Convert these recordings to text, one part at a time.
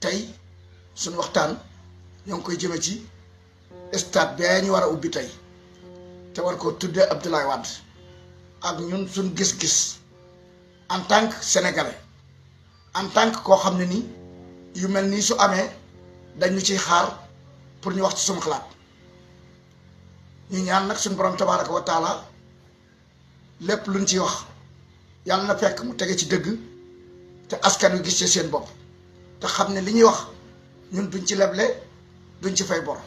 tey suñu waxtaan ñoo ngi koy jëme ci stade bee ñu war a ubbi tey te war ko tuddee Abdoulaye Wade ak ñun suñ gis-gis en tant que en tant koo xam ne ni yu mel nii su amee dañu ci xaar pour ñu wax ci suñu xalaat ñu ñaan nag suñ borom tabaraka wa lépp luñ ciy wax yàlla na fekk mu tege ci dëgg te askan wi gis ci seen bopp te xam ne li ñuy wax ñun duñ ci leble duñ ci fay bor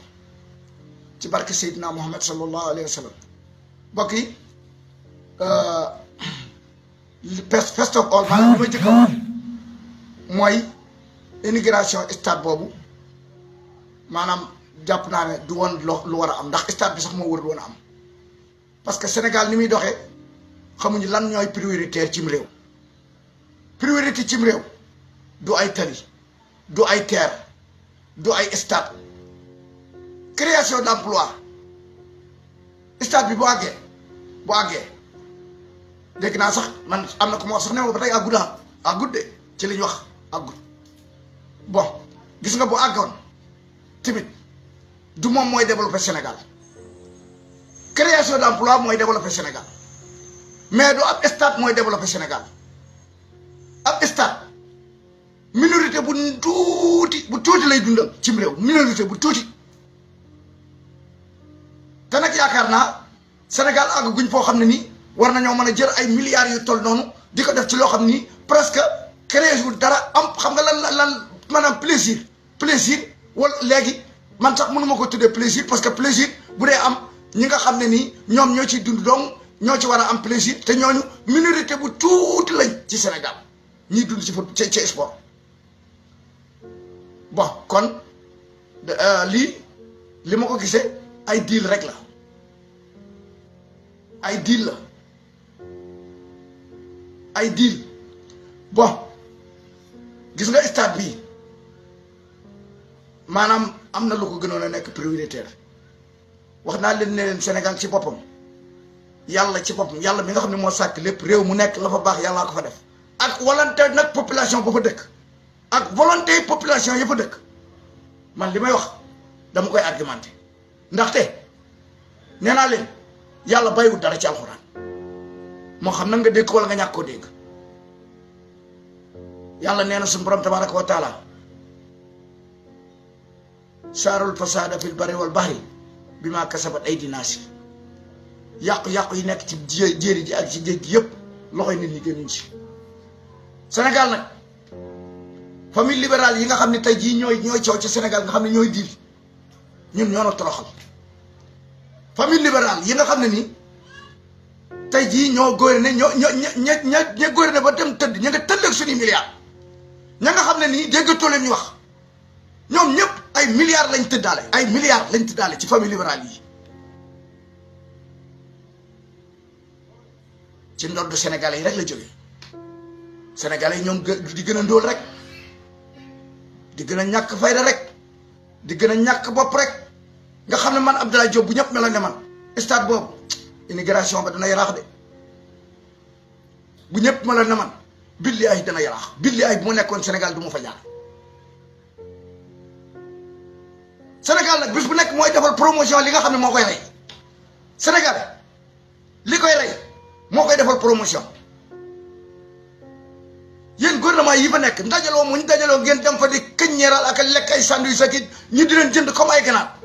ci barke naa Muhammad sallallahu alayhi wa sallam mbokk yi first first of ma jëkk a mooy immigration stade boobu maanaam jàpp naa ne du woon loo lu war a am ndax stade bi sax moo war woon a am parce que Sénégal ni muy doxee xamuñu lan ñooy prioritaire cim réew priorité cim réew du ay tali du ay terre du ay stade création d'emploi stade bi bu àggee bu àggee dégg naa sax man amna ko mo sax ne ma ba tey àggul ah ci liñ wax àggul bon gis nga bu àggoon timit du mom moy développer Sénégal création d'emploi moy développer Sénégal mais du ab stade moy développer Sénégal ab stade minorité bu ya tuuti bu tuuti lay dundal ci rew minorité bu ya tuuti te nag yakarna naa Sénégal àgg guñ fo xamni ni war nañu mëna jër ay milliards yu toll nonu di def ci lo xamni presque créer wu dara am xam nga lan lan manam plaisir plaisir wol léegi man sax mënuma ko tuddé plaisir parce que plaisir bu am ñi nga xamni ni ñom ñoom ñoo dund dong ñoo ya ci am plaisir té ñoñu minorité bu tuuti lañ ci Sénégal ñiy dund ci sport bon kon euh, li lima ko gisee ay deal rek la ay deal la ay deal bon gis nga stade bi manam amna lu ko gënon a nekk prioritaire wax naa leen ne len Sénégal ci bopam yalla ci bopam yalla mi nga xamni mo sak lepp rew mu nek la fa bax yalla ko fa def ak walante nak population bu fa dekk ak volonté population ya dëkk man limay wax dama koy argumenter ndax té néna leen yalla bayu dara ci alcorane mo xam na nga dégg wala nga ñàkk ko dégg yalla néna sun borom tabaraka wa taala saarul fasada fil bari wal bahri bima kasabat aydi nas yaq yaq yi nek ci jéeri ji ak ci géej gi yëpp loxoy nit ñi génnuñ ci senegal nak famille libérale yi nga xam ne tey jii ñooy ñooy coow ci Sénégal nga xam ne ñooy diil ñun ñoo na toroxal famille libérale yi nga xam ne nii tey jii ñoo gouverné ñoo ñoo ña tëdd ña nga tëlleeg ña nga xam ne nii déggatoo leen ñu wax ñoom ñëpp ay milliards lañ tëddaale ay milliards lañ tëddaale ci famille libérale yi ci ndodd Sénégalais yi rek la jógee Sénégalais yi ñoom di gën a ndóol rek di ke a fayda rek di gën a ñàkk rek nga xamne man Abdoulaye job bu ñep meloon man stade boobu immigration ba dana yarax de bu ñep meloon man billahi ay dana yaraax billi ay bu ma nekkoon du mu fa jaar senegal nak bis bu nekk moy defal promotion li nga xamne mo koy ray senegal li koy ray mo koy defal promotion fa nek ndajalo mo ndajalo ngeen dem fa di keñeral ak lek ay sandwich ak ñu di leen jënd comme ay ganar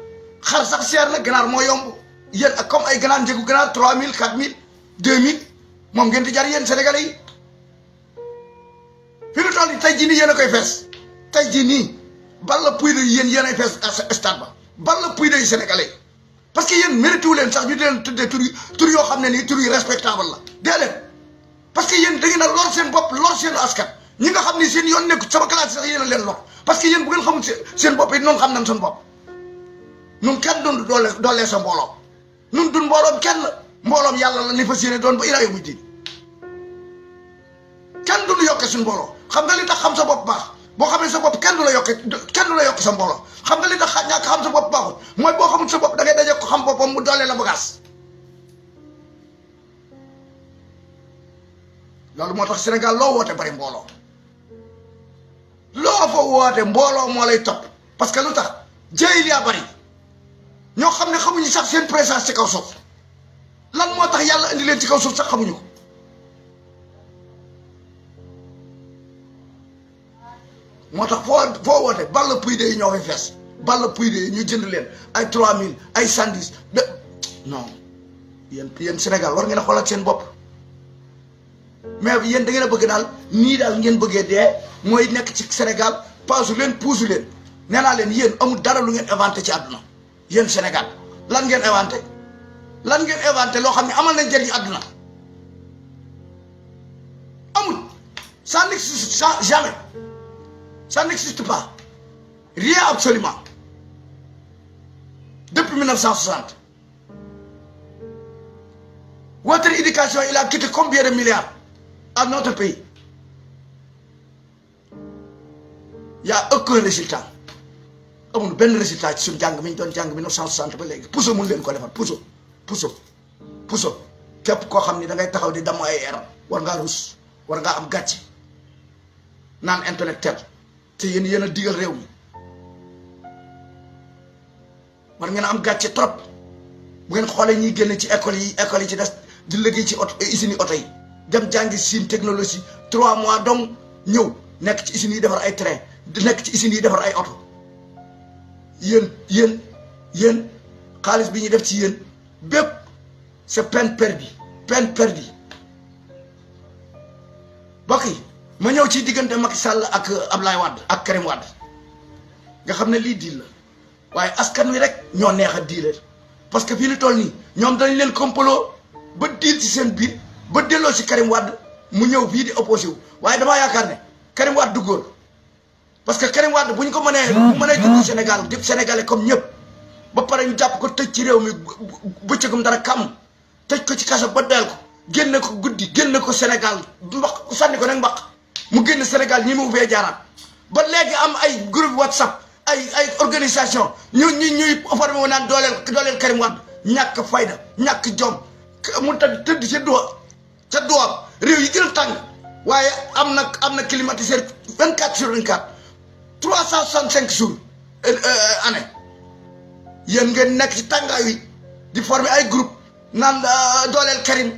xar sax xiar la ganar mo yomb yeen ak comme ay ganar njëgu ganar 3000 4000 2000 mom ngeen di jar yeen sénégalais yi fi mu toll tay ji ni yeen akoy fess tay ji ni bal la puy de yeen yeen ay fess stade ba bal la puy de sénégalais parce que yeen mérite wu leen sax ñu di leen tuddé tur yi tur yo xamné ni nii tur yi respectable la dee parce que yeen da ngeen a lor sen bop lor sen askan ñi nga xam ni seen yoon nekk sama classe sax yéen leen lor parce que yéen bu ngeen xamul seen seen bopp it noonu xam nañ seen bopp ñun kenn doon doole doole sa mbooloom ñun dun mbooloom kenn mbooloom yàlla la ni fas yéene doon ba ilaa yawmi diin kenn du ñu yokkee suñu mbooloo xam nga li tax xam sa bopp baax boo xamee sa bopp kenn du la yokkee kenn du la sa mbooloo xam nga li tax ñàkk xam sa bopp baaxul mooy boo xamul sa bopp da ngay daje ko xam boppam mu doole la bagaas loolu moo tax Sénégal loo woote bari mbooloo loo fa woote mbooloo moo lay top parce que lutax tax jëy li a bari ño xamne xamuñu sax sen présence ci kaw sof lan moo tax yàlla indi leen ci kaw sof sax xamuñu ko moo fo foo foo woote ball puy de yi ñoo fay fees ball puy de ñu jënd len ay 3000 ay 110 non yeen yeen Sénégal war ngeen a sen bop mais yéen da ngeen bëgg daal nii daal ngeen bëggee dee mooy nekk ci Sénégal paasu leen puusu leen nee naa leen yéen amul dara lu ngeen inventé ci àdduna yéen Sénégal lan ngeen inventé lan ngeen inventé loo xam ne amal na njëriñ àdduna amul ça n'existe jamais ça n'existe pas rien absolument depuis 1960 votre éducation il a quitté combien de milliards à notre pays. Il n'y a aucun résultat. amul benn résultat mi suñu jàng mi ñu doon jàng 1960 ba léegi puso mun leen ko defal puso puso puso képp koo xam ni dangay taxaw di damm ay erreur war ngaa rus war ngaa am gàcce naan intellectuel te yéen yéen a digal réew mi war ngeen am gàcce trop bu ngeen xoolee ñuy génn ci école yi école yi ci des di liggéey ci oto usines yi oto yi. dem jàngi Chine technologie trois mois donc ñëw nekk ci usines yi defar ay train nekk ci usines yi defar ay oto yéen yéen yéen xaalis bi ñuy def ci yéen bépp c'est peine perdue peine perdue bokk yi ma ñëw ci diggante mag sàll ak Ablaye Wade ak Karim Wade nga xam ne lii diil la waaye askan wi rek ñoo neex a parce que fii lu toll nii ñoom dañ leen kompaloo ba diil ci seen biir ba delloo si Karim Wade mu ñëw fii di opposé wu waaye damaa yaakaar ne Karim Wade duggoon parce que Karim Wade bu ñu ko mënee. bu mënee dugg Sénégal di Sénégalais comme ñëpp. ba pare ñu jàpp ko tëj ci réew mi bëccëgum dara kàmm tëj ko ci kaso ba doyal ko génne ko guddi génne ko Sénégal mbaq sànni ko nag mbaq mu génn Sénégal ñi jaaraat ba léegi am ay groupe WhatsApp ay ay organisation ñu ñu ñuy formé naan dooleel dooleel Karim ñàkk fayda ñàkk jom mu tëdd ca duwaab réew yi gën a tàng waaye am na am na climatiseur 24 sur 24 365 jours euh, euh, année yéen ngeen nekk ci tàngaay wi di former ay groupe naan euh, dooleel Karim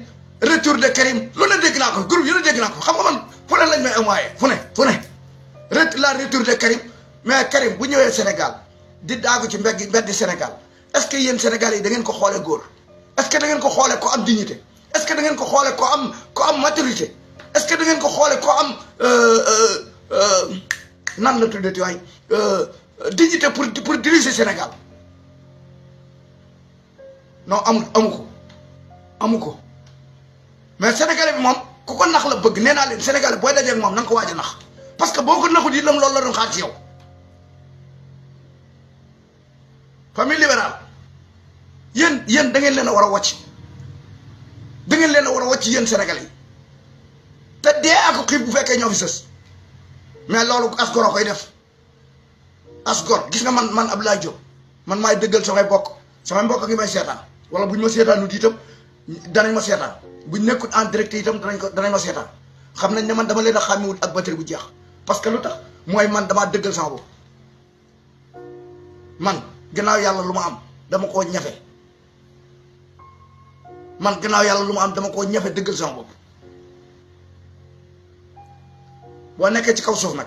retour de Karim lu ne dégg naa ko groupe yu ne xam nga man fu ne lañ may envoyé fu ne fu ne la retour de Karim mais Karim bu ñëwee Sénégal di daagu ci mbedd mbedd Sénégal est-ce que yéen Sénégal yi da ngeen ko xoolee góor est-ce que da ngeen ko xoolee ko am dignité est que dangeen ko xoole ko am ko am maturité est-ce que dangeen ko xoole ko am euh, euh, euh, nan la tuddati waay dignité pour pour diriger Sénégal no am amu ko amu ko mais sénégalais bi moom ko ko nax la bëgg nee naa leen sénégalais booy dajeeg moom na nga ko waaj a nax parce que boo ko naxut yi lam loolu la doon xaar ci yow famille libérale yéen yéen da ngeen leen a war a wàcc da ngeen leen a war a Sénégal yi te dee ak xib bu fekkee ñoo fi sës mais loolu asgor a koy def asgor gis nga man man Abdoulaye Diop man may dëggal sama bokk sama mbokk ak may seetaan wala bu ma seetaan lu itam danañ ma seetaan bu nekkut en direct itam danañ ko danañ ma seetaan xamnañ nañ ne man dama leen a wut ak batterie bu jeex parce que lutax moy man dama dëggal sama bopp man gannaaw yalla luma am dama ko ñafé man gannaaw yàlla lu ma am dama koo ñafe dëggal sama bopp boo nekkee ci kaw suuf nag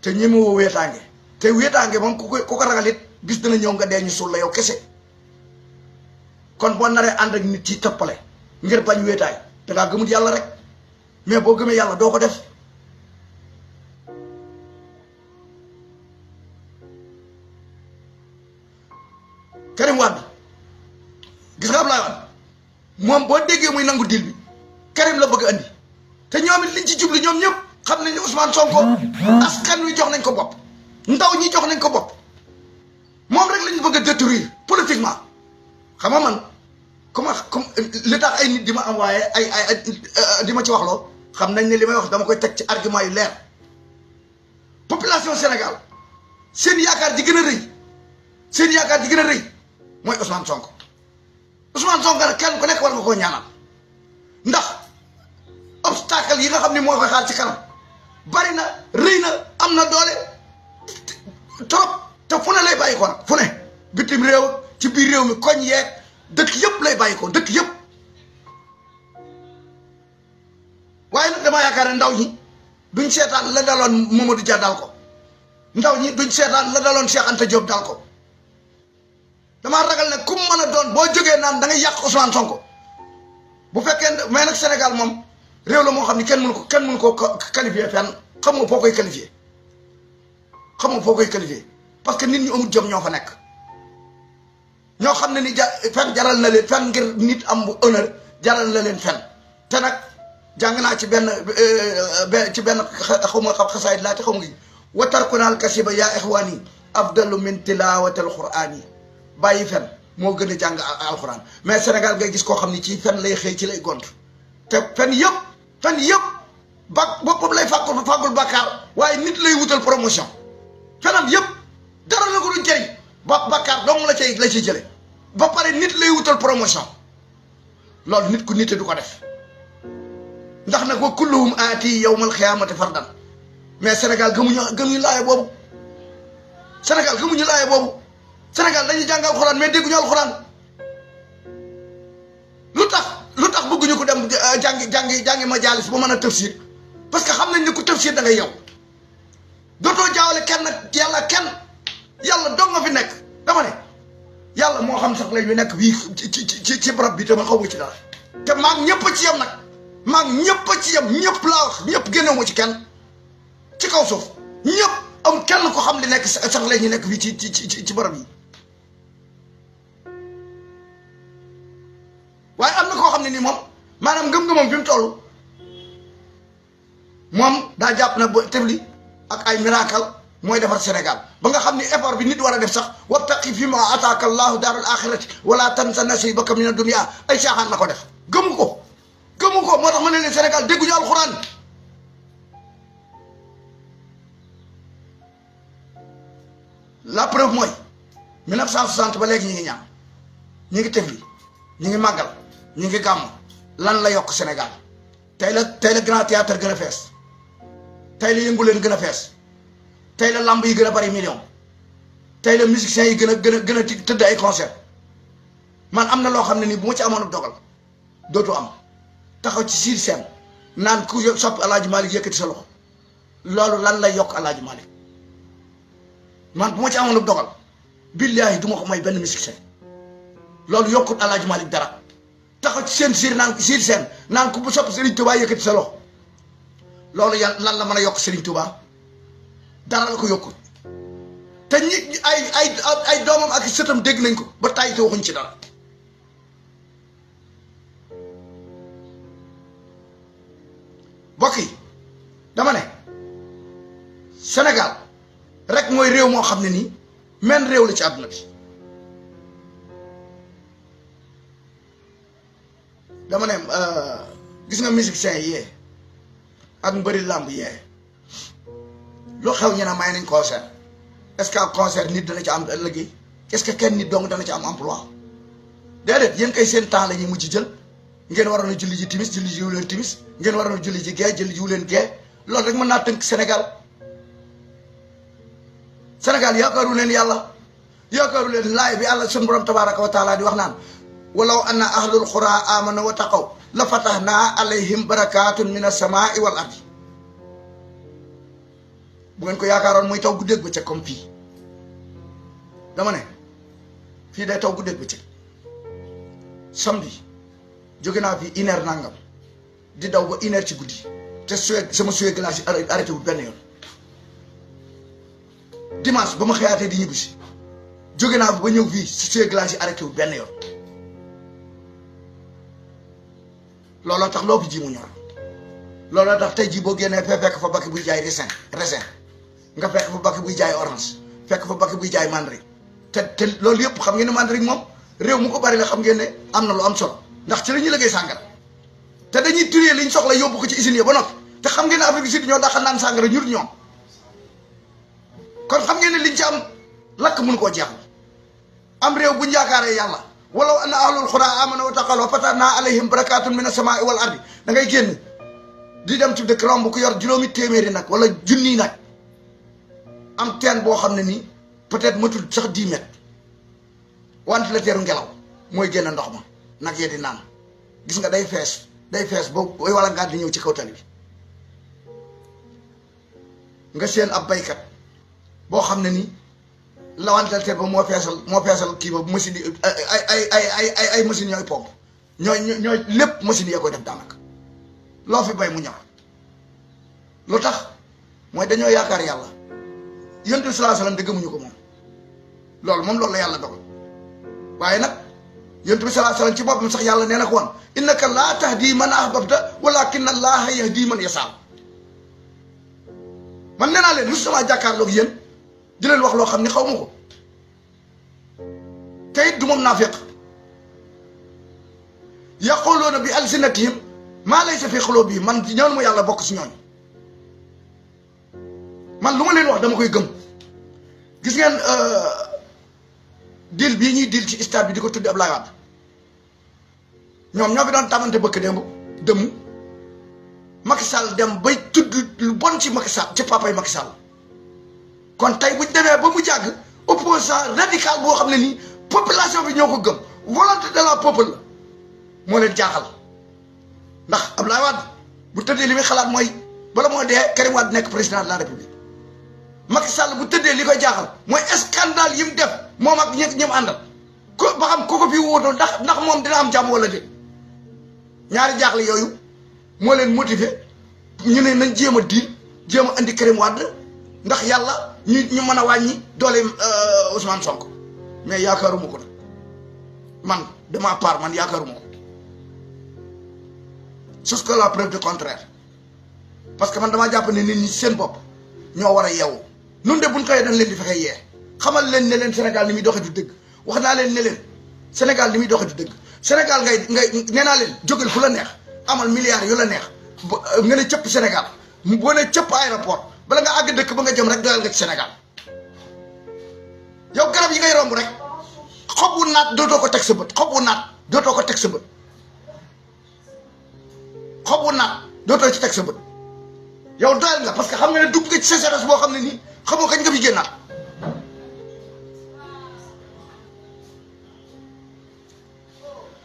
te ñemewoo wéetaange te wéetaange moom ku ko ku ko ragal it dana ñëw nga dee ñu suul la yow kese kon boo naree ànd ak nit ci toppale ngir bañ wéetaay dangaa gëmut yàlla rek mais boo gëmee yàlla doo ko def Karim Wade gis nga Abdoulaye Wade mom bo déggee muy nangou dil bi Karim la bëgg andi té ñoom li ci jublu ñoom ñëpp xam nañu Ousmane Sonko askan ñu jox nañ ko bop ndaw ñi jox nañ ko bop mom rek lañu bëgg détruire politiquement xama man kuma comme tax ay nit dima am envoyé ay ay euh, dima ci wax lo xam nañ ne limay wax dama koy tek ci argument yu leer population Sénégal seen yaakar di gëna reuy seen yaakar di gëna reuy moy Ousmane Sonko. Ousmane Sonko kenn ku nekk war nga koo ñaanal ndax obstacle yi nga xam ni moo koy xaar ci kanam bari na rëy na am na doole trop te fu ne lay bàyyi ko nag fu bitim réew ci biir réew mi koñ yee dëkk yëpp lay bàyyi ko dëkk yépp waaye nag damaa yaakaar ndaw ñi duñ seetaan la daloon Mamadou Dia dal ko ndaw ñi duñ seetaan la daloon Cheikh Anta Diop dal ko damaa ragal ne ku mën a doon boo jógee naan da ngay yàq Ousmane Sonko bu fekkee mais nag Sénégal moom réew la moo xam ne kenn mënu ko kenn mënu koo qualifié fenn xam nga foo koy qualifié xam nga foo koy parce que nit ñi amul jom ñoo fa nekk ñoo xam ne ni ja jaral na leen fen ngir nit am bu jaral na leen fen te nag jàng naa ci benn euh, ci benn xaw ma xam xasaayit laa te xaw ma ngi watarku naal kasiba yaa ixwaan yi afdalu min tilaawatil quraan yi bàyyi fen moo gën a jàng alxuraan mais Sénégal ngay gis koo xam ni ci fen lay xëy ci lay gont te fen yëpp fen yëpp ba boppam lay fàggul fàggul bàkkaar waaye nit lay wutal promotion fenam yëpp dara la ko du jëriñ ba bàkkaar dong la cay la ciy jële ba pare nit lay wutal promotion loolu nit ku nite du ko def ndax nag wa kulluhum aati yawmal xiyaamati fardan mais Sénégal gëmuñu gëmuñu laaye boobu Sénégal gëmuñu laaye boobu Sénégal dañuy jàng alxuraan mais dégguñu alxuraan lu tax lu tax bëgguñu ko dem eh, jàngi jàngi jàngi ma jaalis ba mën a tafsir parce que xam nañ ne ku tafsir da ngay yow dootoo jaawale kenn yàlla kenn yàlla dong nga fi nekk dama ne yàlla moo xam sax lay ñu nekk fii ci ci ci barab bi te ma xaw ma ci dara te maag ñëpp a ci yem nag maag ñëpp a ci yem ñëpp laa wax ñëpp génnewu ma ci kenn ci kaw suuf ñëpp am kenn ko xam li nekk sax lay ñu nekk fii ci ci ci ci barab yi waye amna ko xamni ni mom manam ngeum ngeum ngëm-ngëmam fi mu toll moom na ba tebli ak ay miracle moy defar senegal ba nga xamni effort bi nit wara def sax wattaqi fi ma ataaka allahu daaral akhirah wala tansa nasibaka min ad dunya ay shaahan nako def gëmu ko gëmu ko motax tax ma ne leen Sénégal dégguñu alxuraan la preuve moy 1960 ba legi ñi ngi ñi ngi tebli ñi ngi magal ñu ngi gam lan la yok Sénégal tay la tay la grand théâtre gëna fess tay la yëngu leen gëna fess tay la lamb yi gëna bari million tay la musiciens yi gëna gëna gëna a ay concert man amna lo xamne ni bu ma ci amono dogal dotu am taxaw ci sir sen nan ku sopp alaaji Malick yëkkati sa loxo lolu lan la yok alaaji malik man bu ma ci amono dogal billahi duma ko may ben musicien lolu yokut alaaji malik dara taxaw ci seen siir naan siir seen naan ku bu sopp Serigne Touba yëkkati sa loxo loolu yàlla lan la mën a yokk Serigne Touba dara ko yokku te ñi ay ay doomam ak sëtam dégg nañ ko ba tàyyi te ci dara mbokk yi dama ne Sénégal rek mooy réew moo xam ne nii men réew la ci àdduna bi dama ne eh, gis nga musicien yee ak mbeuri lamb yee lo xaw ñena may nañ concert est-ce que concert nit dana ci am ëllëg est-ce que kenn nit dong dana ci am emploi dedet yeen kay seen temps la mujj jël ngeen waroon julli ji timis julli jiw leen timis ngeen waro a julli ji gee julli jiw leen ge lool rek mën naa tënk Sénégal Sénégal yaakaaru leen yàlla yaakaaru leen laay bi yàlla sunu borom tabaaraka wa taala di wax naan walaw anna ahlul xuraa amanu wa taqaw la fatahnaa alayhim barakatun min as-samaa'i wal ardi bu ngeen ko yaakaaroon muy taw guddeeg bëccëg comme fii dama ne fii day taw guddeeg bëccëg samedi jóge naa fi une di daw ba une guddi te sama suwe glace yi arrêté wul benn yoon dimanche ba ma xëyaatee di ñibbi si jóge naa fi ba ñëw fii suwe glace yi arrêté wul benn yoon. lola tax loko jimu ji ñor looloo tax tay ji bo gene fe fek fa bakki buy jaay resin resin nga fek fa bakki buy jaay orange fek fa bakki buy jaay mandarin te te lolu yep xam ngeen ne mandarin moom mu ko bari la xam ngeen ne am lu am solo ndax ci la liggey sangal te dañuy turee liñ soxla yobbu ko ci usine ya ba noppi te xam ngeen Afrique Sud ñoo daxal naan sangal ñur kon xam ngeen ne liñ ci am lakk mënu ko jeexal am rew bu ñu yalla walaw anna ahlul qura amanu wa taqalu fatana alayhim barakatun minas samai wal ardi da ngay genn di dem ci de romb ku yor juróomi téeméeri nak wala junni nak am ten bo xam ni peut-être matul sax 10 mètres wante la teru ngelaw moy genn ndox ma nak yedi nan gis nga day fess day bo way wala gadi ñew ci kaw tali nga seen ab baykat bo xam ni lawantel tel ba moo feesal moo feesal kii ba machine yi ay ay ay ay ay ay machines ñooy pompe ñooy ñooy lépp machine yee koy def daanaka loo fi bay mu ñor lu tax mooy dañoo yaakaar yàlla yonent bi sallallahu alayhi wasallam de ko moom loolu moom loolu la yàlla dogal waaye nag yonent bi sallallahu alayhi wasallam ci boppam sax yàlla nee na ko woon innaka laa tahdi man ahbabta walakin allaha yahdi man yasaa man nee naa leen mosutamaa jàkkaarloog yéen di len wax lo xamni xawmuko tay du mom nafiq yaquluna bi alsinatihim ma laysa fi khulubi man ñoon mu yàlla bok ci ñoon man luma len wax dama koy gëm gis ngeen euh dil bi ñi dil ci stade bi diko tuddi ab Abdoulaye ñom ñoom ñoo fi doon tamante bëkk dembu dëmm Macky Sall dem bay tudd lu bon ci Macky Sall ci papay Macky Sall kon tay bu démé ba mu jagg opposant radical bo xamné ni population bi ñoko gëm volonté de la peuple mo leen jaxal ndax Abdoulaye wad bu tëddee limi xalaat moy bala mo dé Karim wad nek président de la république Macky Sall bu tëddee li jaxal moy scandale yim def mom ak ñi ñoom àndal ko ba xam koko fi wóotoo ndax ndax mom dina am jamm wala dé ñaari jaxal yoyu mo leen motiver ñu né nañ jéem di diin andi Karim wad ndax yalla nit ñu mëna a wàññi euh Ousmane Sonko mais yaakaaruma ko man de ma part man yaakaaruma ko que la preuve du contraire parce que man dama japp ni nit ñi seen bop ño wara a ñun de buñ koy dañ leen di fexé yé xamal leen ne leen Sénégal ni muy du deug wax na leen ne leen Sénégal ni muy du deug Sénégal ngay ngay néna leen jogël fu la neex amal milliards yu la neex nga ne cëpp Sénégal bo ne cëpp aéroport bala nga ag dekk ba nga jëm rek dal nga ci senegal yow garab yi ngay romb rek xobu naat dootoo ko tek sa beut xobu naat dootoo ko tek sa beut xobu naat dootoo ci tek sa beut yow dal nga parce que xam nga ne dugg nga ci sécheresse bo xam ni xamoo kañ nga fi gennat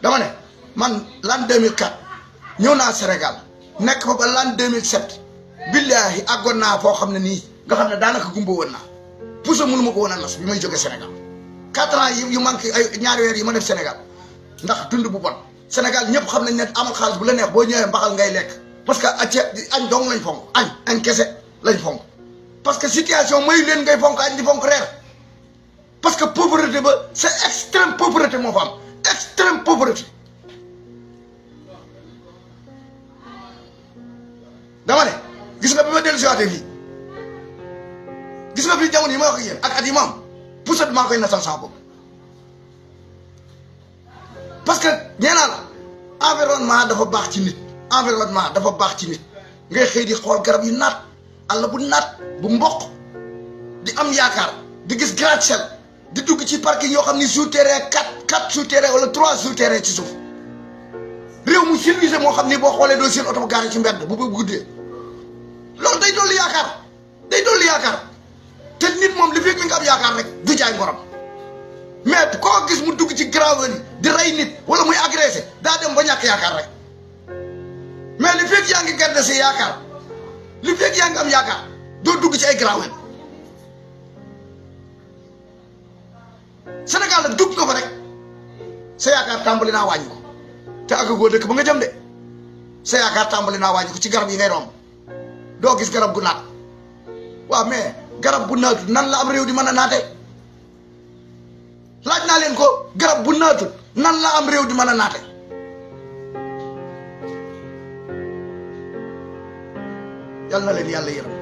dama ne man l'an 2004 ñëw naa Sénégal nekk fa ba l'an 2007 billaahi àggoon naa foo xam ne nii nga xam ne daanaka gumba woon naa puso mënu ma ko woon a nas bi may jóge Sénégal quatre ans yi yu manqué ay ñaar weer yi ma def Sénégal ndax dund bu bon Sénégal ñëpp xam nañ ne amul xaalis bu la neex boo ñëwee mbaxal ngay lekk parce que ceeb añ dong lañ fonk añ añ kese lañ fonk parce que situation mayu leen ngay fonk añ di fonk reer parce que pauvreté ba c'est extrême pauvreté moo fa am extrême pauvreté dama ne ate lii gis nga fii jamono pusat ma wax ak yéen ak at yi ma am puset maa koy nattal saa bopp parce que nee naa la environnement dafa baax ci nit environnement dafa baax ci nit ngay xëy di xool garab yu naat àll bu naat bu mboq di am yaakaar di gis ni wala ci ni garé loh, day dolli yaakaar day dolli yaakaar te nit mom li fi mi nga am yaakaar rek du jaay ngorom mais ko gis mu dugg ci ni di ray nit wala muy agresser da dem ba ñak yaakaar rek mais li fekk yaa ngi garde si yaakaar li fekk yaa am yaakaar do dugg ci ay grave senegal dugg ko fa rek sa yaakaar tambali na wañ ko te ak go dekk ba nga jëm de sa yaakaar tambali na wañ ko ci garab yi ngay rom doo gis garab gu naat waaw mais garab bu naatut nan la am réew di mën a naate laaj naa leen ko garab bu naatut nan la am réew di mën a naate yal na leen yàlla yërëm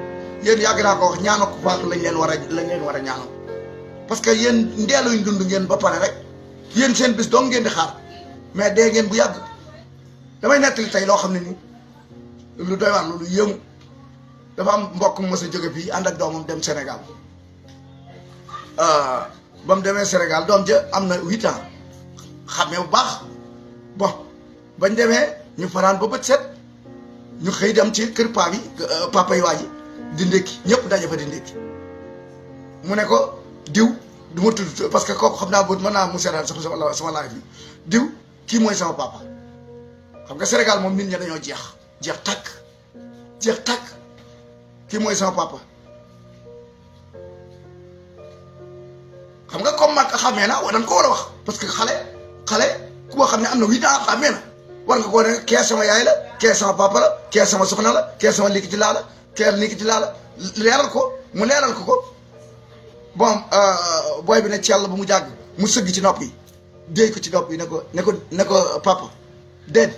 yéen yàgg naa ko wax ko faatu lañ leen war a lañ leen war a ñaanal parce que yéen ndeeluñ dund ngeen ba pare rek yéen seen bis dong ngeen di xaar mais dee ngeen bu yàgg damay nettali tey loo xam ne nii lu doy waar lu yëngu dafa am mbokk mu mës a jóge fii ànd ak doomam dem Sénégal euh, ba mu demee Sénégal doom ja am na huit ans xamee bu baax bon bañ demee ñu fanaan ba bët set ñu xëy dem ci kër paa yi euh, papa yi waa ji di ndékki ñëpp daje fa di ndékki mu ne ko diw du ma tudd parce que kooku xam naa bët mën naa mu seetaan sama sama sama laaj bi diw kii mooy sama papa xam nga Sénégal moom nit ñi dañoo jeex jeex takk jeex takk. kii mooy sama papa xam nga comme mag xamee na war nañ ko war a wax parce que xale xale ku ko xam ne am na huit ans xamee na war nga ko ne kee sama yaay la kee sama papa la kee sama soxna la kee sama likki ci laa la kee likki leeral ko mu leeral ko ko bon euh, booy bi ne ci yàlla bu mu jàgg mu sëgg ci nopp yi ko ci nopp yi ne ko ne ko ne ko papa dead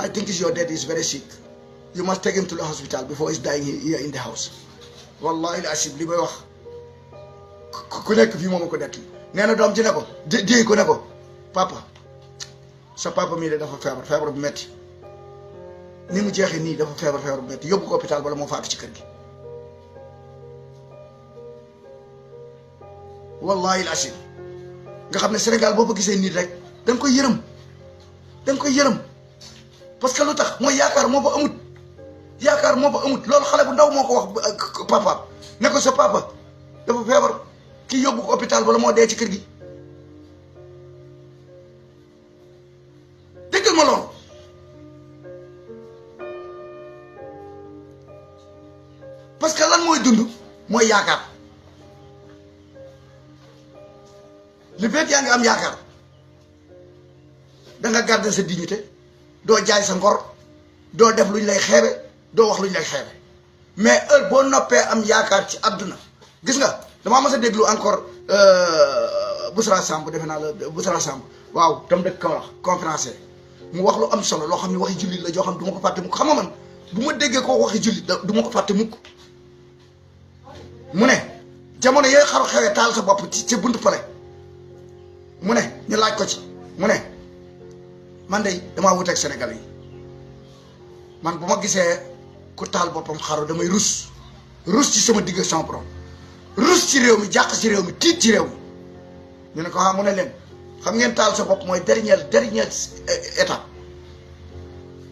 I think your dad is very sick you must take him to the hospital before he's dying here in the house wallahi lasim li may wax ku nekk fii moom a ko nettali nee na doom ci ne ko déy ko ne ko papa sa papa mii de dafa feebar feebar bu metti ni mu jeexee nii dafa feebar feebar bu metti yóbbu ko hôpital bala moo faatu ci gi wallahi lasim nga xam ne Sénégal boo fa gisee nit rek da nga koy yërëm da nga koy yërëm parce que moo fa amut yaakar mo ba amut lol xale bu ndaw moko wax eh, papa ne ko sa papa dafa febar ki yobbu ko hopital bala mo de ci kër gi deggal ma loolu parce que lan moy dund moy yaakar li fekk ya nga am yaakar da nga garder sa dignité do jaay sa ngor do def luñ lay xébé do wax luñ lay xébé mais heure bo noppé am yaakar ci aduna gis nga dama ma sa déglu encore euh Boussra Samb défé na la Boussra Samb waw tam ko wax conférencier mu wax lu am solo lo xamni waxi julit la jo xam duma ko faté mu xam man buma déggé ko waxi julit duma ko faté mukk mu ne jamono yooyu xaru xewé tal sa bop ci buntu pale mu ne ñu laaj ko ci mu ne man day dama wut ak sénégalais man buma gisé ku tal bopam xaru damay rus rus ci sama digg sama borom rus ci réew mi jàq ci réew mi tiit ci rew ñu ne ko ah, mu ne len xam ngeen tal sa bop moy dernière dernière étape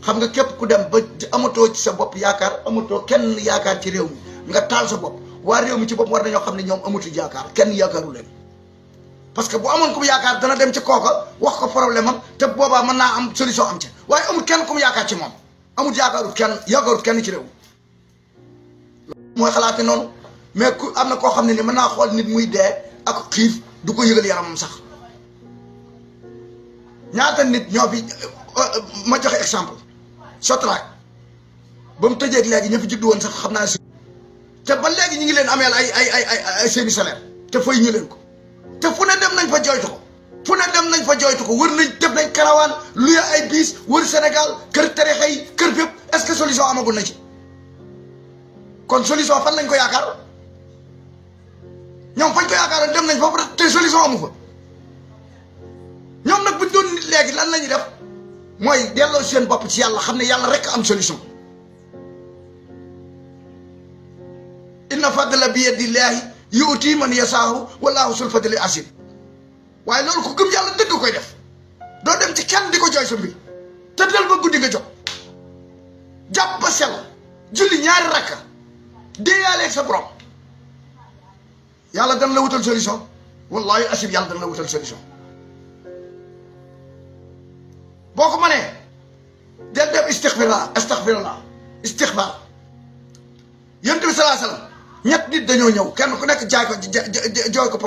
xam nga kep ku dem ba amato ci sa bop yaakar amato kenn yaakar ci réew mi nga tal sa bop wa réew mi ci bop war nañu xamni ñom amatu yaakar kenn yaakaru len parce que bu amoon ku yaakar dana dem ci kooka wax ko problème am te boba man na am solution am ci waye amul kenn ku yaakar ci mom amul yaakaaru kenn yaakaaru kenn ci réew mooy xalaate noonu mais ku am na koo xam ne ni mën naa xool nit muy dee ak xiif du ko yëgal yaramam sax ñaata nit ñoo fi ma joxe exemple Sotrac ba mu tëjee léegi ña fi juddu sax xam naa si te ba léegi ñu ngi leen ameel ay ay ay ay seeni salaire te fay ñu leen ko te fu ne dem nañ fa jooytu ko fu ne dem nañ fa jooytu ko wër nañ def nañ karawaan luya ay biis wër Sénégal kër terexe yi kër fépp est-ce que solution amagul na ci kon solution fan lañ ko yaakaar ñoom fañ ko yaakaaroon dem nañ foofu te solution amu fa ñoom nag buñ doon nit léegi lan la ñuy def mooy delloo seen bopp ci yàlla xam ne yàlla rek am solution inna fadla bi yadillahi yuuti man yasaahu wallahu sul fadli asim waaye loolu ku gëm yàlla dëgg koy def doo dem ci kenn di ko jooy sa mbir tëddal ba guddi nga jóg jàpp ba sel julli ñaari rakka déeyaaleeg sa borom yàlla dana la wutal solution wallahi asib yàlla dana la wutal solution boo ko mënee dem istixfirlaa istixfirlaa istixfaar yonent ñett nit dañoo ñëw kenn ku nekk jaay ko jooy ko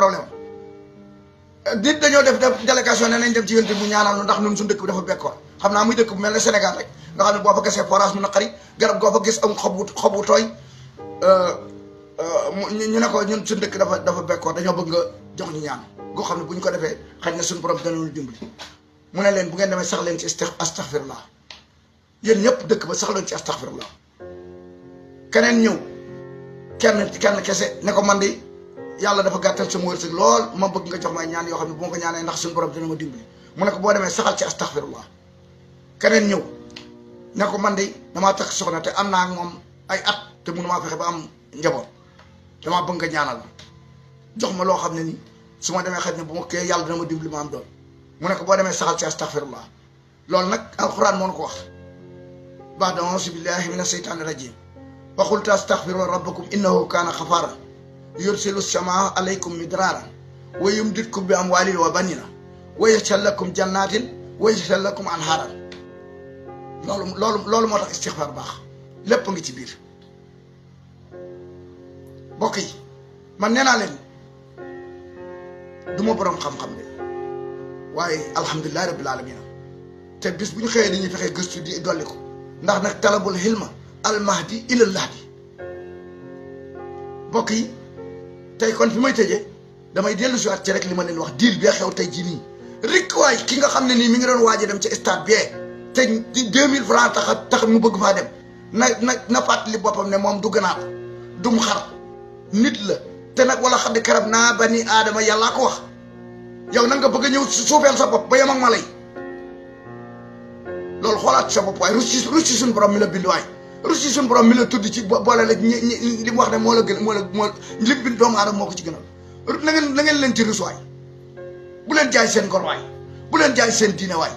dit dañu def def délégation nañ dem ci yonte bu ñaanal ndax ñun suñu dëkk bi dafa bekkoon xamna muy dëkk bu melni Sénégal rek nga xam bo fa gëssé forage mu naqari garab go fa gëss am xobu xobu euh, euh ñu nako ñun suñu dëkk dafa dafa bekkoon dañu bëgg jox ñu ñaan go xam buñ ko défé xaj na suñu borom danañu dimbali mu ne leen bu ngeen démé sax leen ci astaghfirullah yeen ñëpp dëkk ba sax leen ci astaghfirullah keneen ñew kenn kenn kessé ne ko man di yalla dafa gattal sama wërsëg lool ma bëgg nga jox may ñaan yo xamni bu ma ko ñaané ndax suñu borom dina ma dimbali mu ne ko bo démé saxal ci astaghfirullah keneen ñew ne ko man de dama tax soxna té amna ak mom ay at té mënu ma fexé ba am njaboot dama bëgg nga ñaanal jox ma lo xamni ni suma démé ma bu ma ké yalla dina ma dimbali ma am doon mu ne ko bo démé saxal ci astaghfirullah lool nak alquran mo ko wax ba a'uuzu billahi mina shaytaani rajim wa qul tastaghfiru rabbakum innahu kana ghafara يرسل السماء عليكم مدرارا ويمددكم بأموال وبنين ويجعل لكم جنات ويجعل لكم أنهارا لول لول لول مرة استغفار باخ لب نجي تبير بقي من ننا لين دم برام خم خم لين واي الحمد لله رب العالمين تبس بني خير نيجي في جستو دي دولكو نحن طلب الهلمة المهدي إلى اللهدي بقي tay kon fi may tejé damay déllu ci wat ci rek lima len wax deal bi xew tay ji ni rek way ki nga xamné ne mi ngi don waji dem ci stade bi té 2000 francs tax tax mu bëgg fa dem na na na fàttali boppam ne moom du gannaaw dum xar nit la té nak wala xadi ne karab na bani adama yalla ko wax yow nang nga bëgg ñew ci suufeel sa bop ba yam ak malay lol xolat sa bop way rusi rusi sun borom mi la bind way rusu suñu borom mi la tudd ci boole la ñi ñi li mu wax ne moo la gën moo la moo lim bi doomu aadama moo ko ci gënal na ngeen na ngeen leen ci rusuwaay bu leen jaay seen ngor waay bu leen jaay seen diine waay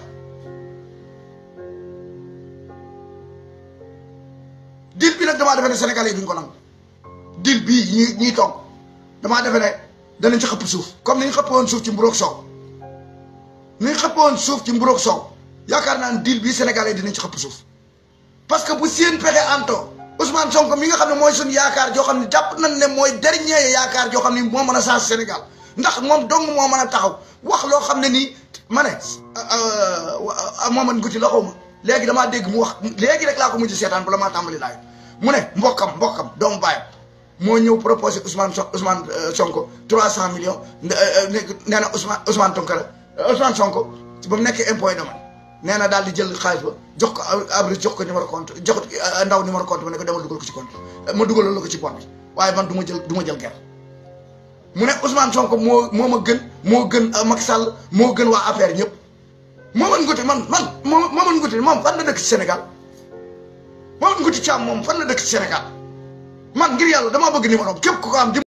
dil bi nag damaa defe ne sénégalais yi duñ ko nangu dil bii ñi ñiy toog damaa defe ne danañ ci xëpp suuf comme ni ñu xëpp woon suuf ci mburoog soow ni ñu xëpp woon suuf ci mburoog soow yaakaar naa ne dil bii sénégalais yi dinañ ci xëpp suuf parce que bu seen pexé anto Ousmane Sonko mi nga xamné moy sun yaakar jo xamné japp nañ né moy dernier yaakar jo xamné mo meuna sa Sénégal ndax mom dong mo meuna taxaw wax lo xamné ni mané euh, euh mo meun guti la légui dama dégg mu wax légui rek la ko muju sétane bala ma tambali lay mu né mbokam mbokam dong baayam mo ñëw proposer Ousmane Ousmane euh, Sonko 300 millions né euh, na Ousmane Ousmane Tonkara Ousmane Sonko ba nekk impôt dama nee na daal di jël xaalis ba jox ko abri jox ko numéro compte jox euh, ndaw numéro compte ma ne ko demal dugal ko ci compte euh, ma dugalal la ko ci compte bi waaye man duma jël du ma jël ger mu ne Ousmane Sonko moo moo ma gën moo gën euh, Macky Sall moo gën waa affaire ñëpp Mamadou Ngouti man man Mamadou Ngouti moom fan la dëkk ci Sénégal Mamadou Ngouti Thiam moom fan la dëkk ci Sénégal man ngir yàlla damaa bëgg numéro képp ku ko am